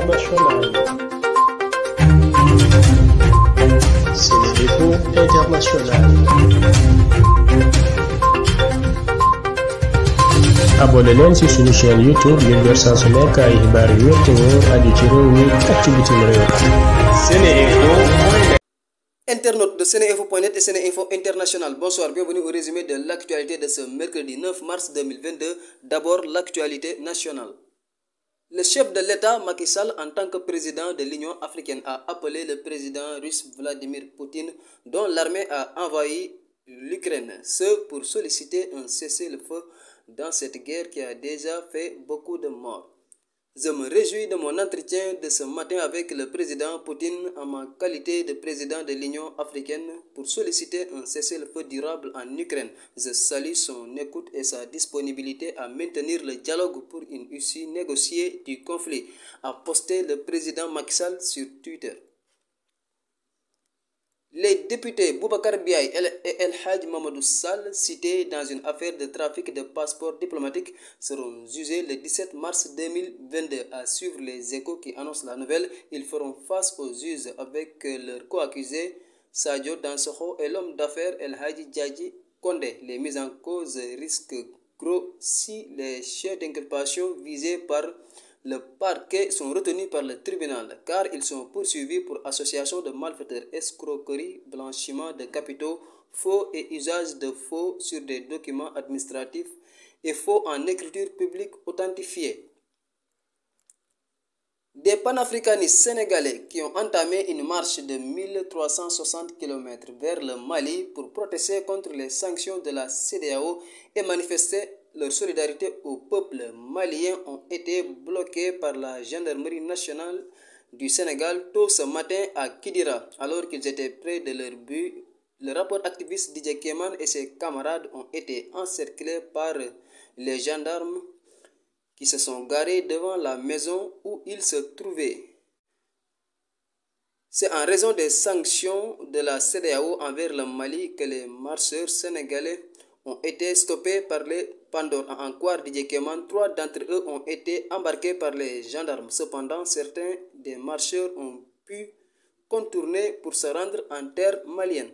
internationale. Sénéinfo International. abonné leen ci suñu chaîne YouTube yi door saa su nekk ay xibaar te wóor aju ci réew mi ak ci bitim réew. Sénéinfo. Internautes de Seneinfo.net et Seneinfo International, bonsoir, bienvenue au résumé de l'actualité de ce mercredi 9 mars 2022. D'abord, l'actualité nationale. Le chef de l'État, Macky Sall, en tant que président de l'Union africaine, a appelé le président russe Vladimir Poutine, dont l'armée a envahi l'Ukraine, ce pour solliciter un cessez-le-feu dans cette guerre qui a déjà fait beaucoup de morts. Je me réjouis de mon entretien de ce matin avec le président Poutine en ma qualité de président de l'Union africaine pour solliciter un cessez-le-feu durable en Ukraine. Je salue son écoute et sa disponibilité à maintenir le dialogue pour une issue négociée du conflit, à poster le président Maxal sur Twitter. Les députés Boubacar Biaï Sall, cités dans une affaire de trafic de passeports diplomatiques, seront jugés le 17 mars 2022. À suivre les échos qui annoncent la nouvelle, ils feront face aux juges avec leur co-accusé Sadio Dansokho Les mises en cause risquent gros si les chefs le parquet sont retenus par le tribunal car ils sont poursuivis pour association de malfaiteurs, escroquerie, blanchiment de capitaux, faux et usage de faux sur des documents administratifs et faux en écriture publique authentifiée. Des panafricanistes sénégalais qui ont entamé une marche de 1360 km vers le Mali pour protester contre les sanctions de la CDAO et manifester leur solidarité au peuple malien ont été bloqués par la gendarmerie nationale du Sénégal tôt ce matin à Kidira, alors qu'ils étaient près de leur but. Le rapport activiste DJ Keman et ses camarades ont été encerclés par les gendarmes qui se sont garés devant la maison où ils se trouvaient. C'est en raison des sanctions de la CDAO envers le Mali que les marcheurs sénégalais ont été stoppés par les Pandore a en croire DJ Keman, trois d'entre eux ont été embarqués par les gendarmes. Cependant, certains des marcheurs ont pu contourner pour se rendre en terre malienne.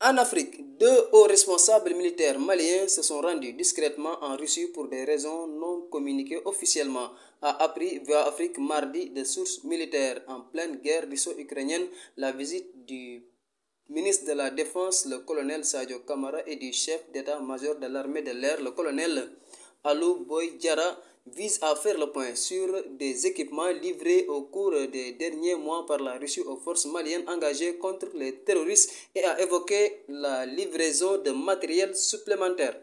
En Afrique, deux hauts responsables militaires maliens se sont rendus discrètement en Russie pour des raisons non communiquées officiellement, à après via Afrique mardi des sources militaires en pleine guerre russo-ukrainienne. La visite du ministre de la Défense, le colonel Sadio Kamara, et du chef d'état-major de l'armée de l'air, le colonel Alou Boydjara, vise à faire le point sur des équipements livrés au cours des derniers mois par la Russie aux forces maliennes engagées contre les terroristes et a évoqué la livraison de matériel supplémentaire.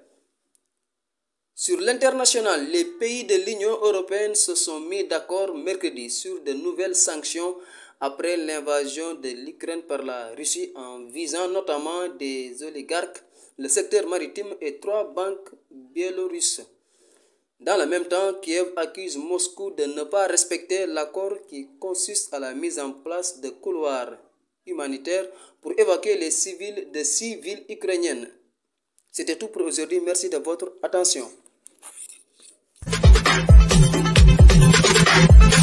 Sur l'international, les pays de l'Union européenne se sont mis d'accord mercredi sur de nouvelles sanctions après l'invasion de l'Ukraine par la Russie en visant notamment des oligarques, le secteur maritime et trois banques biélorusses. Dans le même temps, Kiev accuse Moscou de ne pas respecter l'accord qui consiste à la mise en place de couloirs humanitaires pour évacuer les civils de six villes ukrainiennes. C'était tout pour aujourd'hui. Merci de votre attention.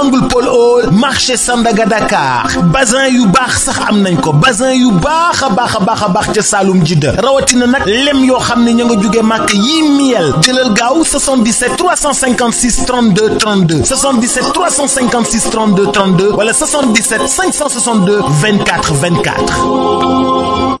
angle Paul Hall marché Sandaga Dakar basin yu baax sax am nañ ko basin yu baax a baax a baax a baax ca Saalum rawati na nag lem yoo xam ne ña nga jóge màkk yii miel jëlal gaaw 77 356 32 32 77 356 32 32 wala 77 562 24 24